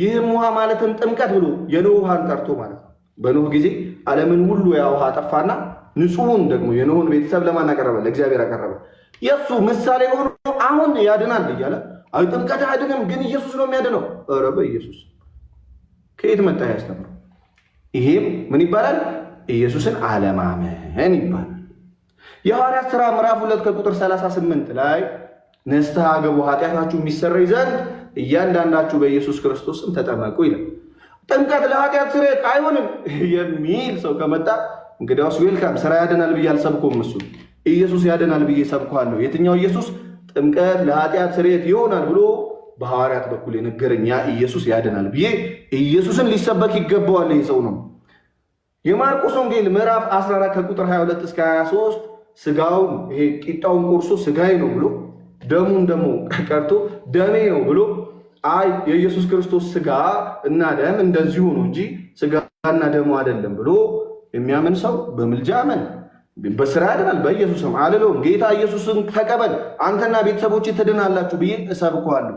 ይህም ውሃ ማለትም ጥምቀት ብሎ የኖህ ውሃን ጠርቶ ማለት ነው። በኖህ ጊዜ ዓለምን ሁሉ ያ ውሃ ጠፋና ንጹሁን ደግሞ የኖህን ቤተሰብ ለማን አቀረበ? ለእግዚአብሔር አቀረበ። የእሱ ምሳሌ ሆኖ አሁን ያድናል እያለ አይ ጥምቀት አያድንም፣ ግን ኢየሱስ ነው የሚያድነው። ኧረ በኢየሱስ ከየት መጣ ያስተምረው? ይሄም ምን ይባላል? ኢየሱስን አለማመን ይባላል። የሐዋርያት ሥራ ምዕራፍ ሁለት ከቁጥር 38 ላይ ነስተ አገቡ ኃጢአታችሁ የሚሰረይ ዘንድ እያንዳንዳችሁ በኢየሱስ ክርስቶስም ተጠመቁ ይላል። ጥምቀት ለኃጢአት ስርየት አይሆንም የሚል ሰው ከመጣ እንግዲያውስ ዌልካም። ስራ ያደናል ብዬ አልሰብኩም። እሱ ኢየሱስ ያደናል ብዬ ሰብኳለሁ። የትኛው ኢየሱስ? ጥምቀት ለኃጢአት ስርየት ይሆናል ብሎ በሐዋርያት በኩል የነገረኝ ያ ኢየሱስ ያደናል ብዬ ኢየሱስን ሊሰበክ ይገባዋል ሰው ነው። የማርቆስ ወንጌል ምዕራፍ 14 ከቁጥር 22 እስከ 23 ስጋውን ይሄ ቂጣውን ቁርሶ ስጋዬ ነው ብሎ ደሙን ደግሞ ቀርቶ ደሜ ነው ብሎ አይ የኢየሱስ ክርስቶስ ስጋ እና ደም እንደዚሁ ነው እንጂ ስጋና ደሙ አይደለም ብሎ የሚያምን ሰው በምልጃ አመን በስራ ያድናል። በኢየሱስም አልለውም ጌታ ኢየሱስን ተቀበል አንተና ቤተሰቦች ትድናላችሁ ብዬ እሰብከዋለሁ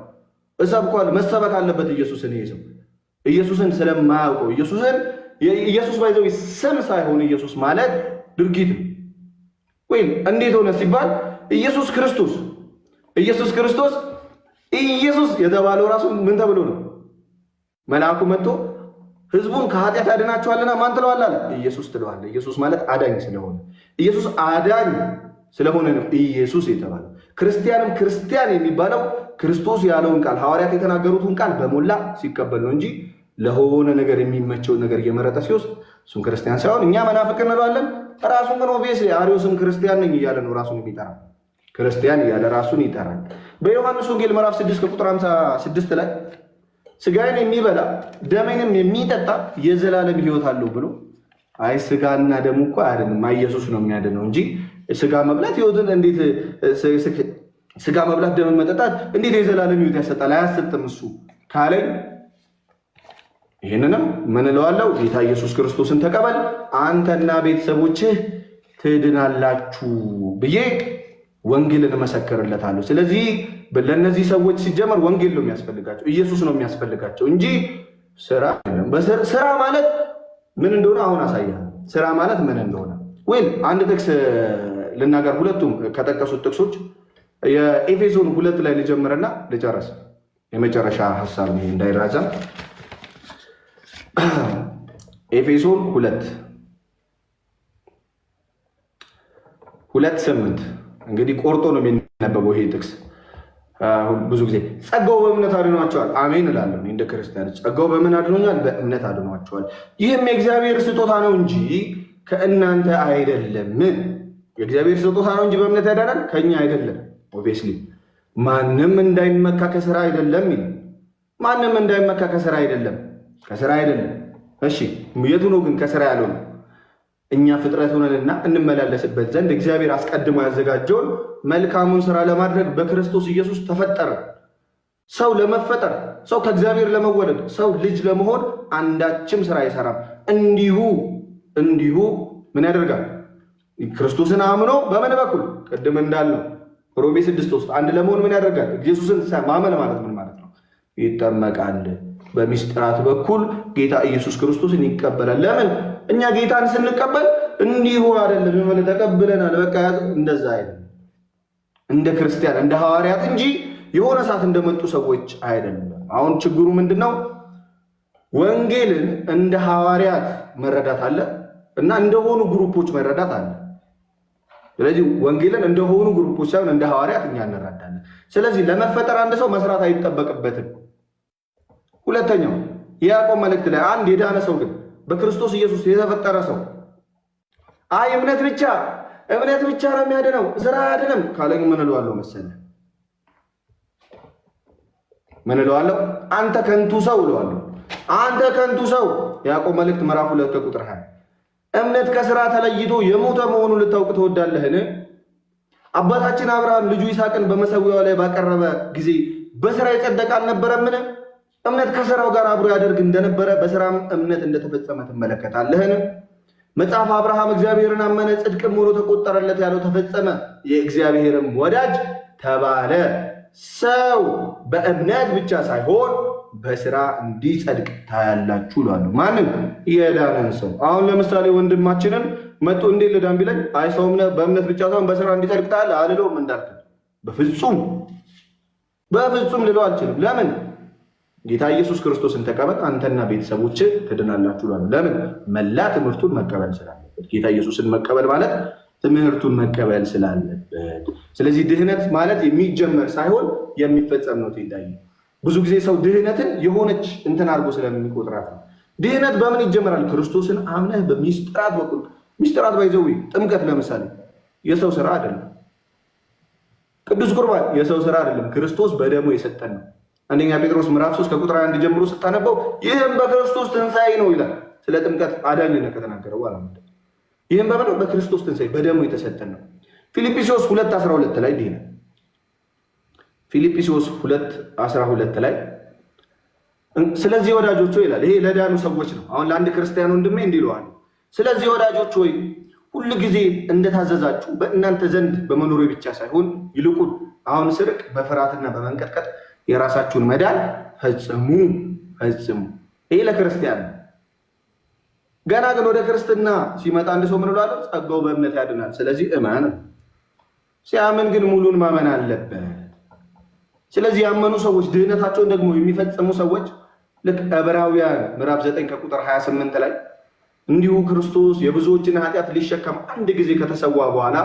እሰብከዋለሁ። መሰበክ አለበት ኢየሱስን። ይሄ ሰው ኢየሱስን ስለማያውቀው ኢየሱስን ኢየሱስ ባይዘው ስም ሳይሆን ኢየሱስ ማለት ድርጊት ወይም እንዴት ሆነ ሲባል ኢየሱስ ክርስቶስ ኢየሱስ ክርስቶስ ኢየሱስ የተባለው ራሱ ምን ተብሎ ነው? መልአኩ መጥቶ ህዝቡን ከኃጢአት ያድናቸዋልና ማን ትለዋል አለ። ኢየሱስ ትለዋል። ኢየሱስ ማለት አዳኝ ስለሆነ ኢየሱስ አዳኝ ስለሆነ ነው ኢየሱስ የተባለ ክርስቲያንም ክርስቲያን የሚባለው ክርስቶስ ያለውን ቃል ሐዋርያት የተናገሩትን ቃል በሞላ ሲቀበል ነው እንጂ ለሆነ ነገር የሚመቸው ነገር እየመረጠ ሲወስድ እሱም ክርስቲያን ሳይሆን እኛ መናፍቅ እንለዋለን። ራሱን ግን ኦብቪየስሊ አሪዮስም ክርስቲያን ነኝ እያለ ነው ራሱን የሚጠራ ክርስቲያን እያለ ራሱን ይጠራል። በዮሐንስ ወንጌል ምዕራፍ 6 ከቁጥር 56 ላይ ስጋዬን የሚበላ ደሜንም የሚጠጣ የዘላለም ህይወት አለው ብሎ አይ ስጋና ደሙ እኮ አያድንም፣ ኢየሱስ ነው የሚያድነው እንጂ ስጋ መብላት ህይወትን እንዴት ስጋ መብላት ደምን መጠጣት እንዴት የዘላለም ህይወት ያሰጣል? አያሰጥም እሱ ካለኝ ይህንንም ምን እለዋለሁ? ጌታ ኢየሱስ ክርስቶስን ተቀበል አንተና ቤተሰቦችህ ትድናላችሁ ብዬ ወንጌልን እመሰክርለታለሁ። ስለዚህ ለእነዚህ ሰዎች ሲጀመር ወንጌል ነው የሚያስፈልጋቸው፣ ኢየሱስ ነው የሚያስፈልጋቸው እንጂ ስራ ስራ ማለት ምን እንደሆነ አሁን አሳያ ስራ ማለት ምን እንደሆነ ወይም አንድ ጥቅስ ልናገር። ሁለቱም ከጠቀሱት ጥቅሶች የኤፌሶን ሁለት ላይ ልጀምርና ልጨረስ። የመጨረሻ ሀሳብ እንዳይራዘም ኤፌሶን ሁለት ሁለት ስምንት እንግዲህ ቆርጦ ነው የሚነበበው ይሄ ጥቅስ። ብዙ ጊዜ ጸጋው በእምነት አድኗቸዋል፣ አሜን እላለሁ እንደ ክርስቲያን። ጸጋው በምን አድኖኛል? በእምነት አድኗቸዋል። ይህም የእግዚአብሔር ስጦታ ነው እንጂ ከእናንተ አይደለም። የእግዚአብሔር ስጦታ ነው እንጂ በእምነት ያዳናል ከእኛ አይደለም። ኦብቪየስሊ ማንም እንዳይመካ ከስራ አይደለም። ማንም እንዳይመካ ከስራ አይደለም፣ ከስራ አይደለም። እሺ የቱ ነው ግን ከስራ ያለው ነው? እኛ ፍጥረት ሆነንና እንመላለስበት ዘንድ እግዚአብሔር አስቀድሞ ያዘጋጀውን መልካሙን ስራ ለማድረግ በክርስቶስ ኢየሱስ ተፈጠረ። ሰው ለመፈጠር ሰው ከእግዚአብሔር ለመወለድ ሰው ልጅ ለመሆን አንዳችም ስራ አይሰራም። እንዲሁ እንዲሁ ምን ያደርጋል? ክርስቶስን አምኖ በምን በኩል ቅድም እንዳለው ሮሜ ስድስት ውስጥ አንድ ለመሆን ምን ያደርጋል? ኢየሱስን ማመን ማለት ምን ማለት ነው? ይጠመቃል። በሚስጥራት በኩል ጌታ ኢየሱስ ክርስቶስን ይቀበላል። ለምን እኛ ጌታን ስንቀበል እንዲሁ አይደለም የሆነ ተቀብለናል፣ በቃ እንደዛ አይደለም። እንደ ክርስቲያን እንደ ሐዋርያት እንጂ የሆነ ሰዓት እንደመጡ ሰዎች አይደለም። አሁን ችግሩ ምንድን ነው? ወንጌልን እንደ ሐዋርያት መረዳት አለ እና እንደሆኑ ግሩፖች መረዳት አለ። ስለዚህ ወንጌልን እንደሆኑ ግሩፖች ሳይሆን እንደ ሐዋርያት እኛ እንረዳለን። ስለዚህ ለመፈጠር አንድ ሰው መስራት አይጠበቅበትም። ሁለተኛው የያዕቆብ መልእክት ላይ አንድ የዳነ ሰው ግን በክርስቶስ ኢየሱስ የተፈጠረ ሰው አይ እምነት ብቻ እምነት ብቻ ነው የሚያድነው ስራ አያድንም ካለኝ ምን እለዋለሁ መሰለ? ምን እለዋለሁ? አንተ ከንቱ ሰው እለዋለሁ። አንተ ከንቱ ሰው ያዕቆብ መልእክት ምዕራፍ ሁለት ቁጥር ሀያ እምነት ከስራ ተለይቶ የሞተ መሆኑን ልታውቅ ትወዳለህን? አባታችን አብርሃም ልጁ ይስሐቅን በመሰዊያው ላይ ባቀረበ ጊዜ በስራ የጸደቀ አልነበረምን? እምነት ከሥራው ጋር አብሮ ያደርግ እንደነበረ በሥራም እምነት እንደተፈጸመ ትመለከታለህን? መጽሐፍ አብርሃም እግዚአብሔርን አመነ ጽድቅም ሆኖ ተቆጠረለት ያለው ተፈጸመ፣ የእግዚአብሔርም ወዳጅ ተባለ። ሰው በእምነት ብቻ ሳይሆን በስራ እንዲጸድቅ ታያላችሁ ይላሉ። ማንም የዳነን ሰው አሁን ለምሳሌ ወንድማችንን መጡ እንዴ ልዳን ቢለኝ አይ ሰው በእምነት ብቻ ሳይሆን በስራ እንዲጸድቅ ታያለ አልለውም። እንዳልክ በፍጹም በፍጹም ልለው አልችልም። ለምን ጌታ ኢየሱስ ክርስቶስን ተቀበል አንተና ቤተሰቦች ትድናላችሁ ላሉ ለምን መላ ትምህርቱን መቀበል ስላለበት ጌታ ኢየሱስን መቀበል ማለት ትምህርቱን መቀበል ስላለበት ስለዚህ ድህነት ማለት የሚጀመር ሳይሆን የሚፈጸም ነው ቴዳይ ብዙ ጊዜ ሰው ድህነትን የሆነች እንትን አድርጎ ስለሚቆጥራት ነው ድህነት በምን ይጀመራል ክርስቶስን አምነህ በሚስጥራት በኩል ሚስጥራት ባይዘዊ ጥምቀት ለምሳሌ የሰው ስራ አይደለም ቅዱስ ቁርባን የሰው ስራ አይደለም ክርስቶስ በደሙ የሰጠን ነው አንደኛ ጴጥሮስ ምዕራፍ 3 ከቁጥር 1 ጀምሮ ስታነበው ይህም በክርስቶስ ትንሣኤ ነው ይላል። ስለ ጥምቀት አዳኝነት ከተናገረው በኋላ ይህም በምነው በክርስቶስ ትንሣኤ በደሙ የተሰጠን ነው። ፊልጵስዩስ 12 ላይ ዲነ ፊልጵስዩስ 12 ላይ ስለዚህ ወዳጆች ሆይ ይላል። ይሄ ለዳኑ ሰዎች ነው። አሁን ለአንድ ክርስቲያን ወንድሜ እንዲለዋል። ስለዚህ ወዳጆች ሆይ ሁሉ ጊዜ እንደታዘዛችሁ በእናንተ ዘንድ በመኖሬ ብቻ ሳይሆን ይልቁን አሁን ስርቅ በፍርሃትና በመንቀጥቀጥ የራሳችሁን መዳን ፈጽሙ ፈጽሙ። ይህ ለክርስቲያን ገና ግን ወደ ክርስትና ሲመጣ አንድ ሰው ምን ብሏል? ጸጋው በእምነት ያድናል። ስለዚህ እመን። ሲያምን ግን ሙሉን ማመን አለበት። ስለዚህ ያመኑ ሰዎች ድህነታቸውን ደግሞ የሚፈጽሙ ሰዎች ልክ ዕብራውያን ምዕራፍ 9 ከቁጥር 28 ላይ እንዲሁ ክርስቶስ የብዙዎችን ኃጢአት ሊሸከም አንድ ጊዜ ከተሰዋ በኋላ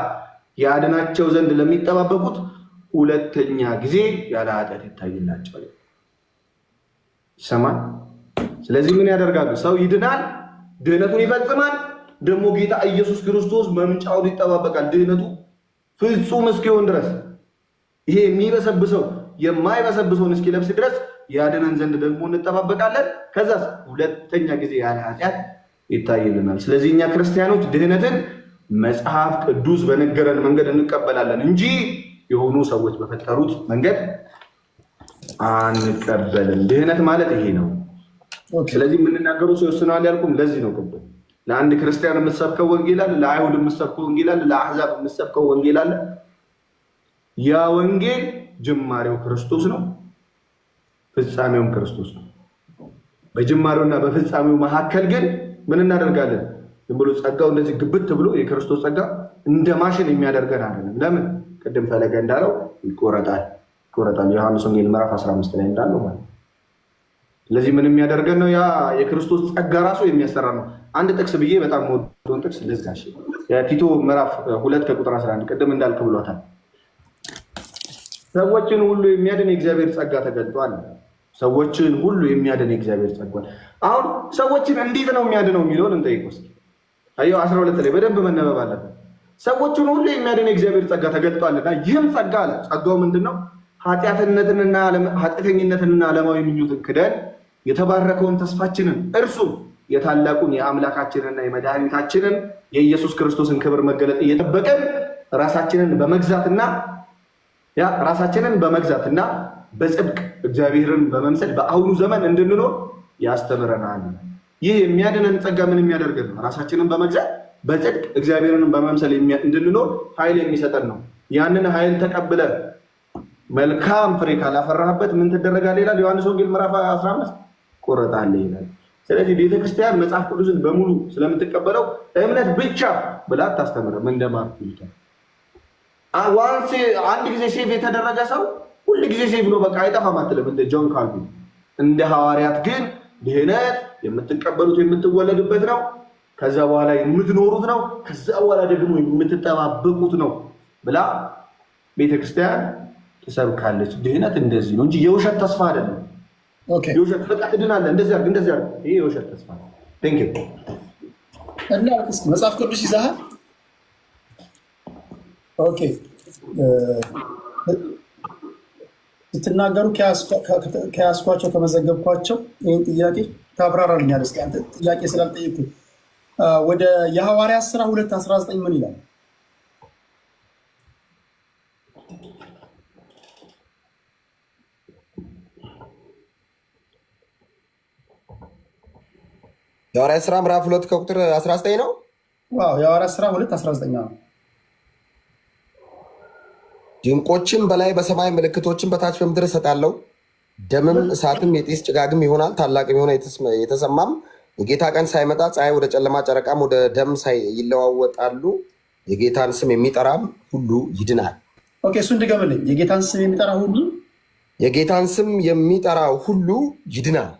ያድናቸው ዘንድ ለሚጠባበቁት ሁለተኛ ጊዜ ያለ ኃጢአት ይታይላቸዋል። ይሰማል። ስለዚህ ምን ያደርጋሉ? ሰው ይድናል፣ ድህነቱን ይፈጽማል። ደግሞ ጌታ ኢየሱስ ክርስቶስ መምጫውን ይጠባበቃል። ድህነቱ ፍጹም እስኪሆን ድረስ ይሄ የሚበሰብሰው የማይበሰብሰውን እስኪለብስ ድረስ ያድነን ዘንድ ደግሞ እንጠባበቃለን። ከዛ ሁለተኛ ጊዜ ያለ ኃጢአት ይታይልናል። ስለዚህ እኛ ክርስቲያኖች ድህነትን መጽሐፍ ቅዱስ በነገረን መንገድ እንቀበላለን እንጂ የሆኑ ሰዎች በፈጠሩት መንገድ አንቀበልም። ድህነት ማለት ይሄ ነው። ስለዚህ የምንናገሩ ሰው ይወስነዋል ያልኩም ለዚህ ነው። ቅድም ለአንድ ክርስቲያን የምትሰብከው ወንጌል አለ፣ ለአይሁድ የምትሰብከው ወንጌል አለ፣ ለአሕዛብ የምትሰብከው ወንጌል አለ። ያ ወንጌል ጅማሬው ክርስቶስ ነው፣ ፍጻሜውም ክርስቶስ ነው። በጅማሬውና በፍጻሜው መካከል ግን ምን እናደርጋለን? ዝም ብሎ ጸጋው እንደዚህ ግብት ብሎ የክርስቶስ ጸጋ እንደ ማሽን የሚያደርገን አይደለም። ለምን ቅድም ፈለገ እንዳለው ይቆረጣል ይቆረጣል። ዮሐንስ ወንጌል ምዕራፍ 15 ላይ እንዳለው ማለት ነው። ስለዚህ ምን የሚያደርገን ነው? ያ የክርስቶስ ጸጋ ራሱ የሚያሰራ ነው። አንድ ጥቅስ ብዬ በጣም ወደውን ጥቅስ ልዝጋሽ። ቲቶ ምዕራፍ ሁለት ከቁጥር 11 ቅድም እንዳልክ ብሏታል። ሰዎችን ሁሉ የሚያድን የእግዚአብሔር ጸጋ ተገልጧል። ሰዎችን ሁሉ የሚያድን የእግዚአብሔር ጸጋ አሁን ሰዎችን እንዴት ነው የሚያድነው የሚለውን እንጠይቅ ውስጥ 12 ላይ በደንብ መነበብ አለበት። ሰዎችን ሁሉ የሚያድን የእግዚአብሔር ጸጋ ተገልጧልና ይህም ጸጋ አለ። ጸጋው ምንድን ነው? ኃጢአተኝነትንና ዓለማዊ ምኞትን ክደን የተባረከውን ተስፋችንን እርሱም የታላቁን የአምላካችንና የመድኃኒታችንን የኢየሱስ ክርስቶስን ክብር መገለጥ እየጠበቅን ራሳችንን በመግዛትና ያ ራሳችንን በመግዛትና በጽድቅ እግዚአብሔርን በመምሰል በአሁኑ ዘመን እንድንኖር ያስተምረናል። ይህ የሚያድነን ጸጋ ምን የሚያደርገን ነው? ራሳችንን በመግዛት በጽድቅ እግዚአብሔርንም በመምሰል እንድንኖር ኃይል የሚሰጠን ነው። ያንን ኃይል ተቀብለ መልካም ፍሬ ካላፈራህበት ምን ትደረጋለህ ይላል ዮሐንስ ወንጌል ምዕራፍ 15 ቆረጣለህ ይላል። ስለዚህ ቤተክርስቲያን መጽሐፍ ቅዱስን በሙሉ ስለምትቀበለው እምነት ብቻ ብላ አታስተምርም። እንደማር አንድ ጊዜ ሴቭ የተደረገ ሰው ሁል ጊዜ ሴቭ ነው በቃ አይጠፋም አትልም። እንደ ጆን ካልቪን እንደ ሐዋርያት ግን ድህነት የምትቀበሉት የምትወለዱበት ነው ከዛ በኋላ የምትኖሩት ነው፣ ከዛ በኋላ ደግሞ የምትጠባበቁት ነው ብላ ቤተክርስቲያን ትሰብካለች። ድህነት እንደዚህ ነው እንጂ የውሸት ተስፋ አይደለም። የውሸት በቃ ትድናለህ፣ እንደዚህ አድርግ፣ እንደዚህ አድርግ፣ ይሄ የውሸት ተስፋ ነው። እና መጽሐፍ ቅዱስ ይዛሃል። ኦኬ ስትናገሩ ከያዝኳቸው ከመዘገብኳቸው ይህን ጥያቄ ታብራራልኛለህ። እስኪ አንተ ጥያቄ ስላልጠየኩህ ወደ የሐዋርያ ስራ ሁለት አስራ ዘጠኝ ምን ይላል? የሐዋርያ ስራ ምዕራፍ ሁለት ከቁጥር 19 ነው። የሐዋርያ ስራ ሁለት 19 ነው። ድንቆችን በላይ በሰማይ ምልክቶችን በታች በምድር እሰጣለሁ፣ ደምም እሳትም የጢስ ጭጋግም ይሆናል። ታላቅም የሆነ የተሰማም የጌታ ቀን ሳይመጣ ፀሐይ ወደ ጨለማ ጨረቃም ወደ ደም ይለዋወጣሉ። የጌታን ስም የሚጠራም ሁሉ ይድናል። እሱ እንድገምልኝ፣ የጌታን ስም የሚጠራ ሁሉ የጌታን ስም የሚጠራ ሁሉ ይድናል።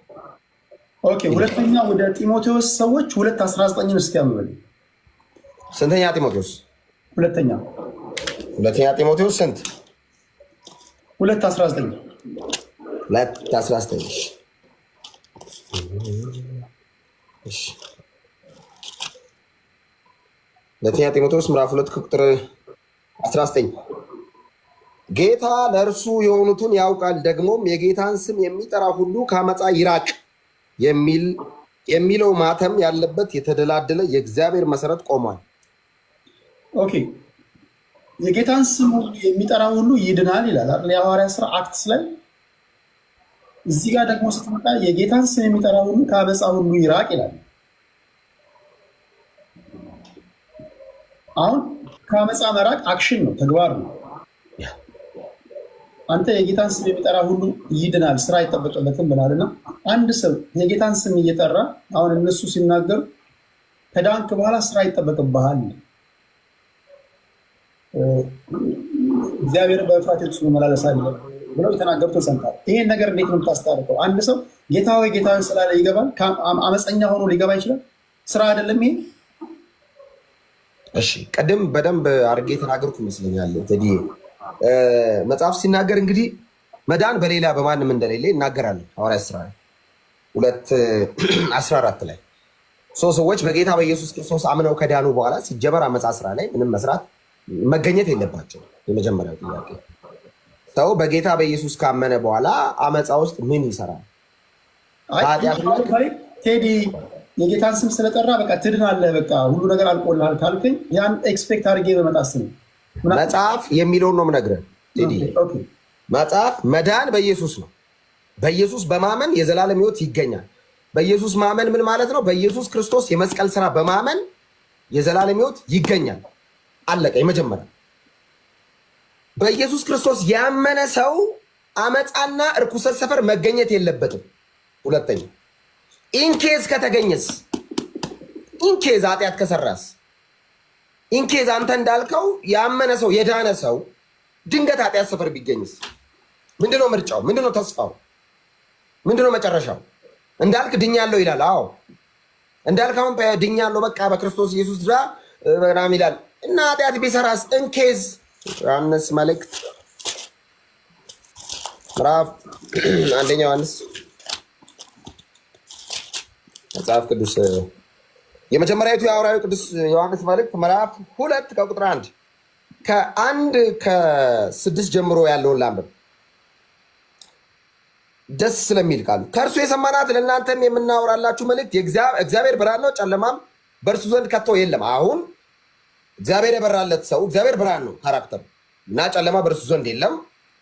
ሁለተኛ ወደ ጢሞቴዎስ ሰዎች ሁለት አስራ ዘጠኝን እስኪያምበል ስንተኛ ጢሞቴዎስ ሁለተኛ ሁለተኛ ጢሞቴዎስ ስንት ሁለት አስራ ዘጠኝ ሁለት አስራ ዘጠኝ ሁለተኛ ጢሞቴዎስ ምዕራፍ ሁለት ቁጥር 19 ጌታ ለእርሱ የሆኑትን ያውቃል፣ ደግሞም የጌታን ስም የሚጠራ ሁሉ ከአመፃ ይራቅ የሚለው ማተም ያለበት የተደላደለ የእግዚአብሔር መሰረት ቆሟል። ኦኬ የጌታን ስም የሚጠራ ሁሉ ይድናል ይላል የሐዋርያ ስራ አክትስ ላይ እዚህ ጋር ደግሞ ስትመጣ የጌታን ስም የሚጠራ ሁሉ ከአበፃ ሁሉ ይራቅ ይላል። አሁን ከአበፃ መራቅ አክሽን ነው፣ ተግባር ነው። አንተ የጌታን ስም የሚጠራ ሁሉ ይድናል፣ ስራ አይጠበቅበትም ብላልና አንድ ሰው የጌታን ስም እየጠራ አሁን እነሱ ሲናገሩ ከዳንክ በኋላ ስራ ይጠበቅብሃል። እግዚአብሔር በፍራት መመላለስ አለ ብለው የተናገሩትን ሰምታል። ይሄን ነገር እንዴት ነው የምታስታርቀው? አንድ ሰው ጌታ ወይ ጌታን ስላለ ይገባል። አመፀኛ ሆኖ ሊገባ ይችላል። ስራ አይደለም ይሄ። እሺ ቅድም በደንብ አድርጌ የተናገርኩ ይመስለኛል። መጽሐፍ ሲናገር እንግዲህ መዳን በሌላ በማንም እንደሌለ ይናገራል። ሐዋርያት ስራ ሁለት አስራ አራት ላይ ሶ ሰዎች በጌታ በኢየሱስ ክርስቶስ አምነው ከዳኑ በኋላ ሲጀመር አመፃ ስራ ላይ ምንም መስራት መገኘት የለባቸው። የመጀመሪያው ጥያቄ ሰው በጌታ በኢየሱስ ካመነ በኋላ አመፃ ውስጥ ምን ይሰራል? ቴዲ የጌታን ስም ስለጠራ በቃ ትድናለህ፣ በቃ ሁሉ ነገር አልቆልሃል ካልከኝ ያን ኤክስፔክት አድርጌ በመጣስ መጽሐፍ የሚለውን ነው የምነግርህ ቴዲ። መጽሐፍ መዳን በኢየሱስ ነው። በኢየሱስ በማመን የዘላለም ህይወት ይገኛል። በኢየሱስ ማመን ምን ማለት ነው? በኢየሱስ ክርስቶስ የመስቀል ስራ በማመን የዘላለም ህይወት ይገኛል። አለቀ። የመጀመሪያ በኢየሱስ ክርስቶስ ያመነ ሰው አመፃና እርኩሰት ሰፈር መገኘት የለበትም። ሁለተኛ ኢንኬዝ ከተገኘስ ኢንኬዝ ኃጢአት ከሰራስ ኢንኬዝ አንተ እንዳልከው ያመነ ሰው የዳነ ሰው ድንገት ኃጢአት ሰፈር ቢገኝስ ምንድነው ምርጫው? ምንድነው ተስፋው? ምንድነው መጨረሻው? እንዳልክ ድኛለሁ ይላል። አዎ እንዳልክ አሁን ድኛለሁ በቃ በክርስቶስ ኢየሱስ ድራ ምናምን ይላል እና ኃጢአት ቢሰራስ ኢንኬዝ ዮሐንስ መልእክት ምዕራፍ አንደኛ ዮሐንስ መጽሐፍ ቅዱስ የመጀመሪያዊቱ የሐዋርያው ቅዱስ ዮሐንስ መልእክት ምዕራፍ ሁለት ከቁጥር አንድ ከአንድ ከስድስት ጀምሮ ያለውን ላንብብ። ደስ ስለሚል ቃሉ ከእርሱ የሰማናት ለእናንተም የምናወራላችሁ መልእክት እግዚአብሔር ብርሃን ነው፣ ጨለማም በእርሱ ዘንድ ከቶ የለም። አሁን እግዚአብሔር የበራለት ሰው እግዚአብሔር ብርሃን ነው ካራክተር እና ጨለማ በእርሱ ዘንድ የለም።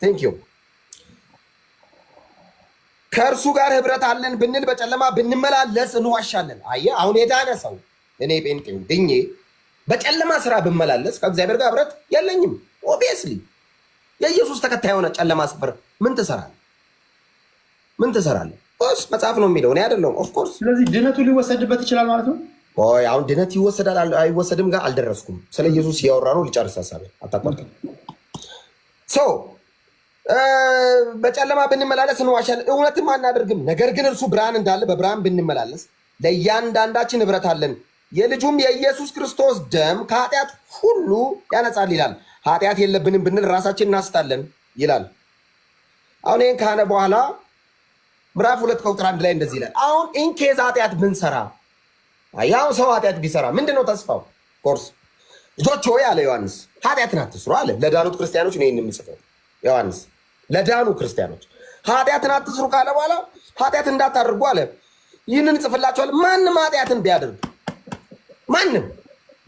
ቴንክ ዩ ከእርሱ ጋር ህብረት አለን ብንል በጨለማ ብንመላለስ እንዋሻለን። አየ አሁን የዳነ ሰው እኔ ጴንጤ ድኜ በጨለማ ስራ ብመላለስ ከእግዚአብሔር ጋር ህብረት የለኝም። ኦብቪየስሊ የኢየሱስ ተከታይ የሆነ ጨለማ ስፍር ምን ትሰራለህ? ምን ስ መጽሐፍ ነው የሚለው እኔ አይደለሁም። ኦፍኮርስ ስለዚህ ድነቱ ሊወሰድበት ይችላል ማለት ነው። ቆይ አሁን ድነት ይወሰዳል አይወሰድም ጋር አልደረስኩም። ስለ ኢየሱስ እያወራ ነው። ልጨርስ ሀሳቤን አታቋርጥ። ሰው በጨለማ ብንመላለስ እንዋሻለን፣ እውነትም አናደርግም። ነገር ግን እርሱ ብርሃን እንዳለ በብርሃን ብንመላለስ ለእያንዳንዳችን ንብረት አለን። የልጁም የኢየሱስ ክርስቶስ ደም ከኃጢአት ሁሉ ያነጻል ይላል። ኃጢአት የለብንም ብንል ራሳችን እናስታለን ይላል። አሁን ይህን ካለ በኋላ ምዕራፍ ሁለት ከቁጥር አንድ ላይ እንደዚህ ይላል። አሁን ኢንኬዝ ኃጢአት ብንሰራ ያው ሰው ኃጢአት ቢሰራ ምንድን ነው ተስፋው? ኮርስ ልጆች ሆይ አለ ዮሐንስ ኃጢአትን አትስሩ አለ ለዳኑት ክርስቲያኖች ነው ይህን የምጽፈው። ዮሐንስ ለዳኑ ክርስቲያኖች ኃጢአትን አትስሩ ካለ በኋላ ኃጢአት እንዳታደርጉ አለ። ይህንን ጽፍላችኋል። ማንም ኃጢአትን ቢያደርግ ማንም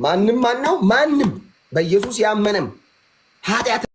ማንም ማነው? ማንም በኢየሱስ ያመነም ኃጢአት